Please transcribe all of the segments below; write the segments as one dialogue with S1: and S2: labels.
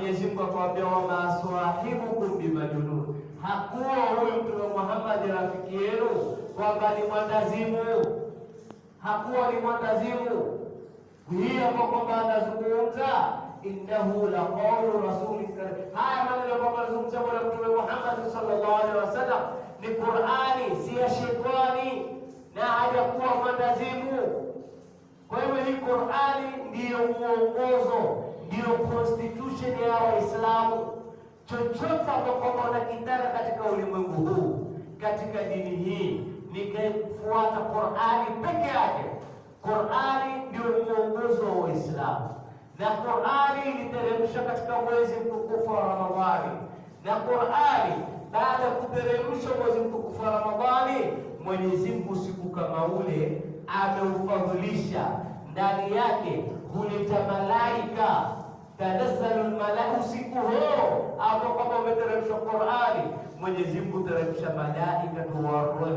S1: Mwenyezi Mungu akawaambia, wamaaswahibukum bimajunun, hakuwa huyu Mtume Muhammad rafiki yenu kwamba ni mwandazimu, hakuwa ni mwandazimu hiyo kwa kwamba anazungumza innahu la qawlu rasuli karim. Haya maneno kwamba anazungumza bwana Mtume Muhammad sallallahu alaihi wasallam ni Qur'ani, si ya shetani na hajakuwa mwandazimu. Kwa hiyo hii Qur'ani ndiyo mwongozo ndiyo constitution ya Waislamu. Chochote ambapo unakitaka katika ulimwengu huu, katika dini hii, nikafuata Qur'ani peke yake. Qur'ani ndio mwongozo wa Waislamu, na Qur'ani iliteremshwa katika mwezi mtukufu wa Ramadhani, na Qur'ani baada ya kuteremshwa mwezi mtukufu wa Ramadhani, Mwenyezi Mungu usiku kama ule ameufadhilisha ndani yake huleta malaika tanazzalu malaa, usiku huo hapo, kama umeteremshwa Qurani, Mwenyezi Mungu teremsha malaika wa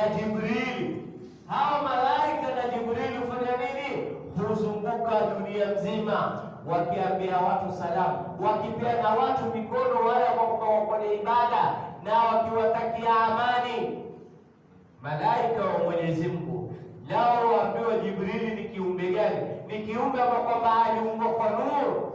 S1: na Jibrili. Hawa malaika na Jibrili hufanya nini? Huzunguka dunia mzima wakiambia watu salamu, wakipeana watu mikono wale ambao kwenye ibada na wakiwatakia amani. Malaika wa Mwenyezi Mungu lao waambiwa Jibrili ni kiumbe gani? ni kiumbe ambao kwamba aliumbwa kwa nuru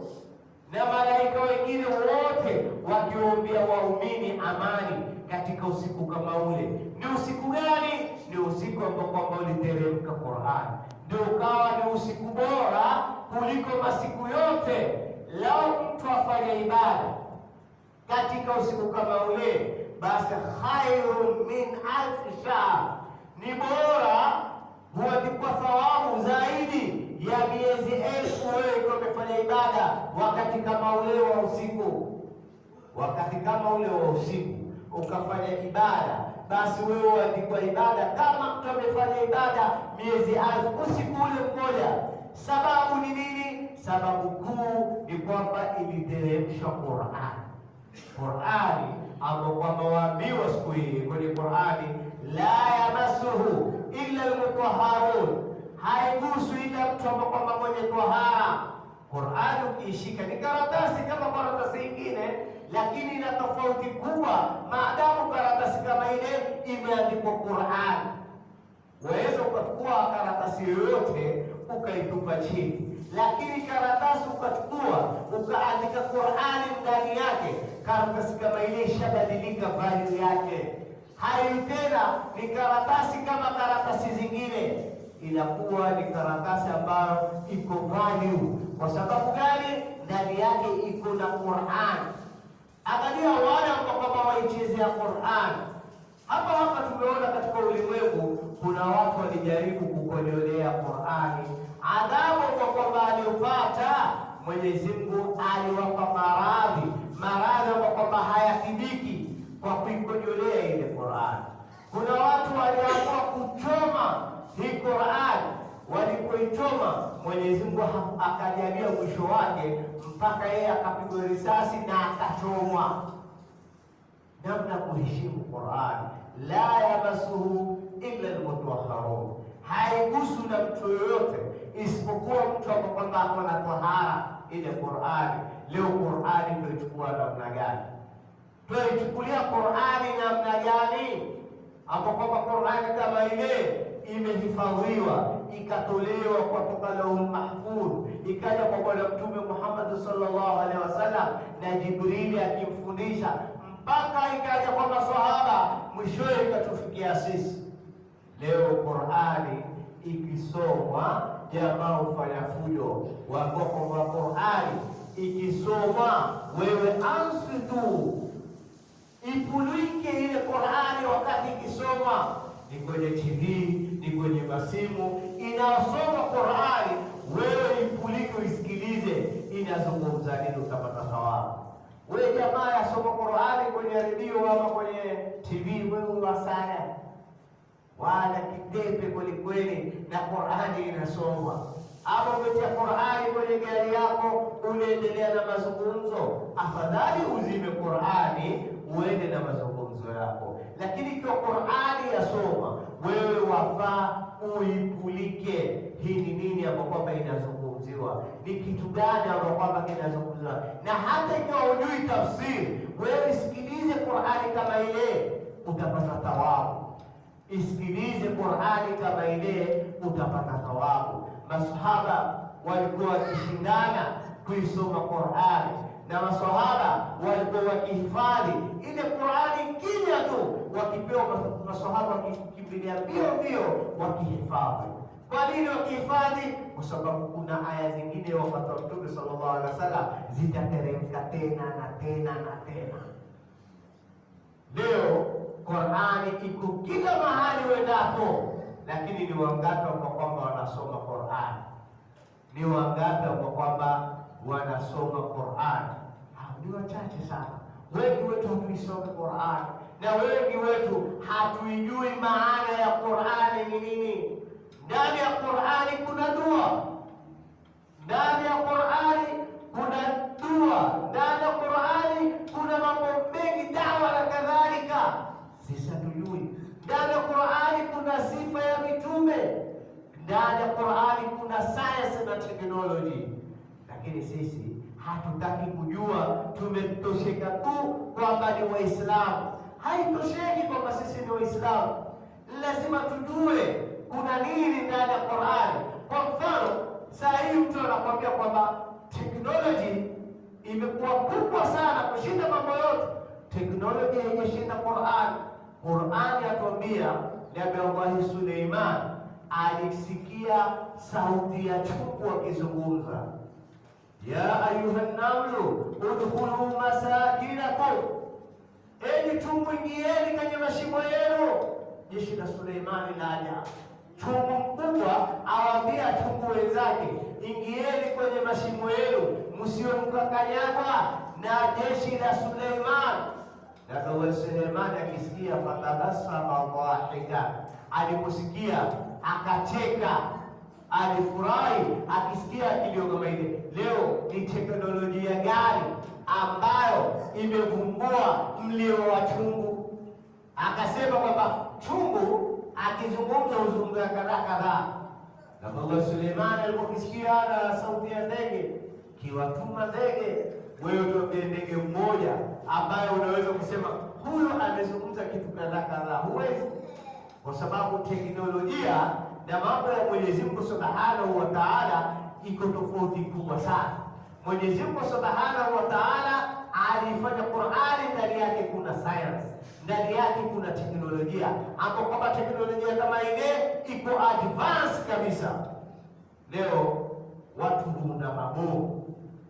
S1: na malaika wengine wote wakiwaombea waumini amani katika usiku kama ule. Ni usiku gani? Ni usiku ambao kwamba uliteremka Qur'an, ndio ukawa ni usiku bora kuliko masiku yote. Lao mtu afanya ibada katika usiku kama ule, basi khairu min alfi shahr, ni bora huwa kwa thawabu zaidi ya miezi elfu wewe ukiwa umefanya ibada wakati kama ule wa usiku, wakati kama ule wa usiku ukafanya ibada, basi wewe uandikwa ibada kama mtu amefanya ibada miezi elfu usiku ule mmoja. Sababu ni nini? Sababu kuu ni kwamba iliteremshwa Qurani, Qurani ambao kwamba waambiwa siku hii kwenye Qurani, la yamasuhu illa almutahharun, haiguswi ila kutoka kwamba mwenye tohara. Qur'ani ukiishika ni karatasi kama karatasi nyingine, lakini ina tofauti kubwa, maadamu karatasi kama ile imeandikwa Qur'ani. Waweza ukachukua karatasi yoyote ukaitupa chini, lakini karatasi ukachukua ukaandika Qur'ani ndani yake, karatasi kama ile ishabadilika value yake, hai tena ni karatasi kama karatasi zingine inakuwa ni karatasi ambayo iko value. Kwa sababu gani? Ndani yake iko na Qur'an. Angalia wale ambao kama waichezea Qur'an. Hapa hapa tumeona katika ulimwengu kuna watu walijaribu kukonyolea Qur'ani, adhabu kwa kwamba aliyopata Mwenyezi Mungu aliwapa maradhi, maradhi kwa kwamba hayatibiki kwa kuikonyolea ile Qur'ani. Kuna watu waliamua kuchoma hii Qur'ani walipoichoma Mwenyezi Mungu akajalia mwisho wake mpaka yeye akapigwa risasi na akachomwa. Namna kuheshimu Qur'ani, la yamasuhu illa almutahharun, haigusu na mtu yoyote isipokuwa mtu ambaye kwamba ako na tahara. Ile Qur'ani leo Qur'ani tuichukua namna gani? Tuichukulia Qur'ani namna gani? Ambapo kwamba Qur'ani kama ile imehifadhiwa ikatolewa kwa toka Lauhul Mahfudh, ikaja kwa bwana Mtume Muhammad sallallahu alaihi wasallam na Jibrili akimfundisha mpaka ikaja kwa maswahaba, mwishowe ikatufikia sisi. Leo Qurani ikisomwa jamaa ufanya fujo, wako kwa Qurani ikisomwa wewe ansi tu ipulike ile Qurani wakati ikisomwa ni kwenye TV ni kwenye masimu inasoma Qurani, wewe ipulike uisikilize, inazungumza nini, utapata thawabu. Wewe jamaa yasoma Qurani kwenye redio ama kwenye TV, wewe wasaya wala kidepe kwelikweli, na Qurani inasomwa ama umetia Qurani kwenye gari yako, unaendelea na mazungumzo. Afadhali uzime Qurani uende na mazungumzo yako, lakini ikiwa wafaa uipulike. Hii ni nini ambayo kwamba inazungumziwa? Ni kitu gani ambayo kwamba kinazungumziwa? Na hata ikiwa hujui tafsiri, wewe isikilize Qur'ani kama ile, utapata thawabu. Isikilize Qur'ani kama ile, utapata thawabu. Masahaba walikuwa wakishindana kuisoma Qur'ani na masahaba walikuwa wakihifadhi ile Qur'ani kimya tu, wakipewa maswahaba wakikimbilia mbio mbio wakihifadhi. Kwa nini wakihifadhi? Kwa sababu kuna aya zingine wapata Mtume sallallahu alaihi wasallam zitateremka tena na tena na tena. Leo Qurani iko kila mahali wendapo, lakini ni wangapi kwa kwamba wanasoma Qurani? Ni wangapi kwa kwamba wanasoma Qurani? Ni wachache sana. Wengi wetu hatuisoma Qurani na wengi wetu hatuijui maana ya Qur'ani ni nini. Ndani ya Qur'ani kuna dua, ndani ya Qur'ani kuna dua, ndani ya Qur'ani kuna mambo mengi, dawa na kadhalika, sisi hatujui. Ndani ya Qur'ani kuna sifa ya mitume, ndani ya Qur'ani kuna science na technology, lakini sisi hatutaki kujua, tumetosheka tu kwamba ni Waislamu haitosheki kwamba sisi ni Waislamu, lazima tujue kuna nini ndani ya Qur'ani. Kwa mfano, saa hii mtu anakuambia kwamba teknoloji imekuwa kubwa sana kushinda mambo yote. Teknoloji haijashinda Qur'ani. Qur'ani yatuambia Nabii Allah Suleiman alisikia sauti ya chungu akizungumza, ya ayuha udhulu udkhulu masakinakum Enyi chungu, ingieni kwenye mashimo yenu. Jeshi la Suleimani laja. Chungu mkubwa awaambia chungu wenzake, ingieni kwenye mashimo yenu, msiwe mkakanyagwa na jeshi la Suleimani. Nakawe Suleimani akisikia, fatabasama dhahika, aliposikia akacheka, alifurahi akisikia kilio kama ile imevumbua mlio wa chungu. Akasema kwamba chungu akizungumza ya kadhaa kadhaa, na kwamba Suleimani alipokisikia ada sauti ya ndege, kiwatuma ndege. Wewe tuambie ndege mmoja ambaye unaweza kusema huyo amezungumza kitu kadhaa kadhaa, huwezi kwa sababu teknolojia na mambo ya Mwenyezi Mungu Subhanahu wa Ta'ala iko tofauti kubwa sana. Mwenyezi Mungu Subhanahu wa Ta'ala aliifanya Qur'ani, ndani yake kuna science, ndani yake kuna teknolojia, ambapo kwamba teknolojia kama ile iko advance kabisa. Leo watu huunda mabomu,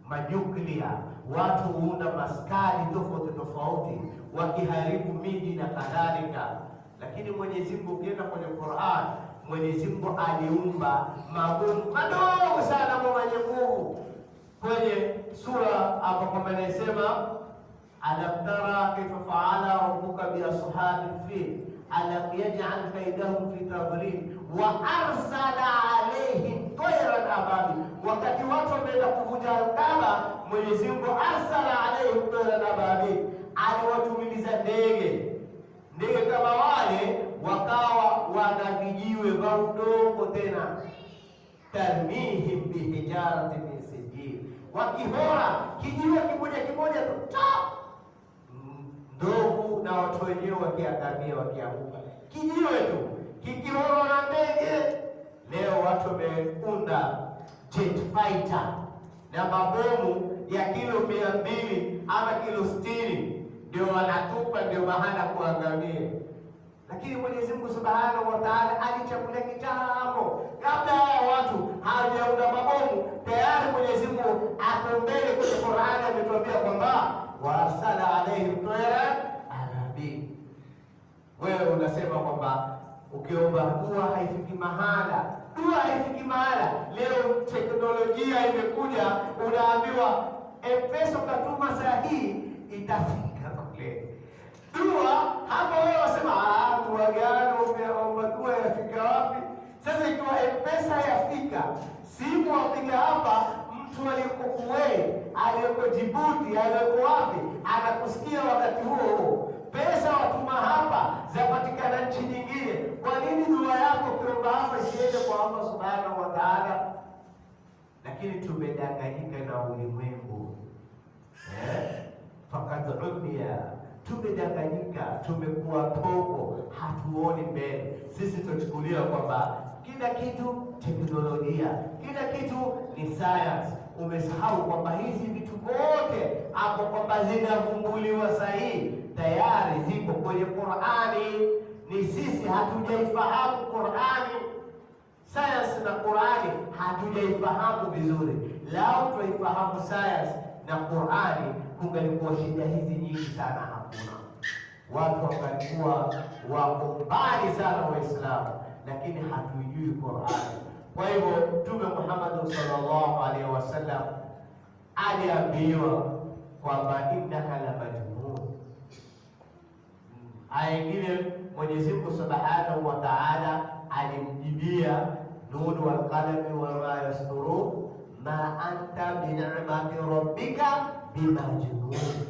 S1: manyuklia, watu huunda maskari tofauti tofauti, wakiharibu miji na kadhalika, lakini Mwenyezi Mungu, ukienda kwenye Qur'an, Mwenyezi Mungu aliumba mabomu madogo sana kwa mwenye nguvu kwenye sura hapa kwamba inasema alam tara kaifa faala rabbuka ashabi fil alam yaj'al kaidahum fi tadlil wa arsala alayhim tayran ababi, wakati watu wameenda kuvunja Kaaba, Mwenyezi Mungu arsala alayhim tayran ababi aliwatumiliza ndege ndege kama wale wakawa wana vijiwe vya udongo, tena tarmihim bihijaratin wakihora kijiwe kimoja kimoja tu ndovu na watu wenyewe wakiangamia wakianguka, kijiwe tu kikihorwa na ndege. Leo watu wameunda jet fighter na mabomu ya kilo mia mbili ama kilo sitini ndio wanatupa, ndio mahana kuangamia. Lakini Mwenyezi Mungu Subhanahu wa Ta'ala alichagulia kitambo, kabla ya watu hawajaunda mabomu, tayari Mwenyezi Mungu ako mbele kwenye Qur'ani, ametuambia kwamba warsala alayhi tayran ababil. Wewe unasema kwamba ukiomba dua haifiki mahala, dua haifiki mahala. Leo teknolojia imekuja, unaambiwa Mpesa pesa katuma saa hii itafika Ah, dua hapa, wewe wasema dua gani? Madua yafika wapi? Sasa ikiwa pesa yafika, simu wapiga hapa, mtu aliyeko Kuwait, aliyeko Jibuti, aliyeko wapi, anakusikia wakati huo huo. Pesa watuma hapa, zapatikana nchi nyingine. Kwa nini dua yako ukiomba hapa isiende kwa Allah subhanahu wa taala? Lakini tumedanganyika na ulimwengu eh? fakad umia tumedanganyika, tumekuwa pogo, hatuoni mbele. Sisi tunachukulia kwamba kila kitu teknolojia, kila kitu ni science. Umesahau kwamba hizi vitu vyote hapo kwamba zinavumbuliwa sahihi, tayari ziko kwenye Qurani. Ni sisi hatujaifahamu Qurani, science na Qurani hatujaifahamu vizuri. Lau tuifahamu science na Qurani kungelikuwa shida hizi nyingi sana hakuna. Watu wangalikuwa wako mbali sana Waislamu, lakini hatuijui Qurani. Kwa hivyo Mtume Muhammad sallallahu alaihi wasallam aliambiwa kwamba innaka la majnun. Aya ingine subhanahu wa taala alimjibia Nuhu walqalami wama yasturun ma anta binicmati rabbika vida de novo.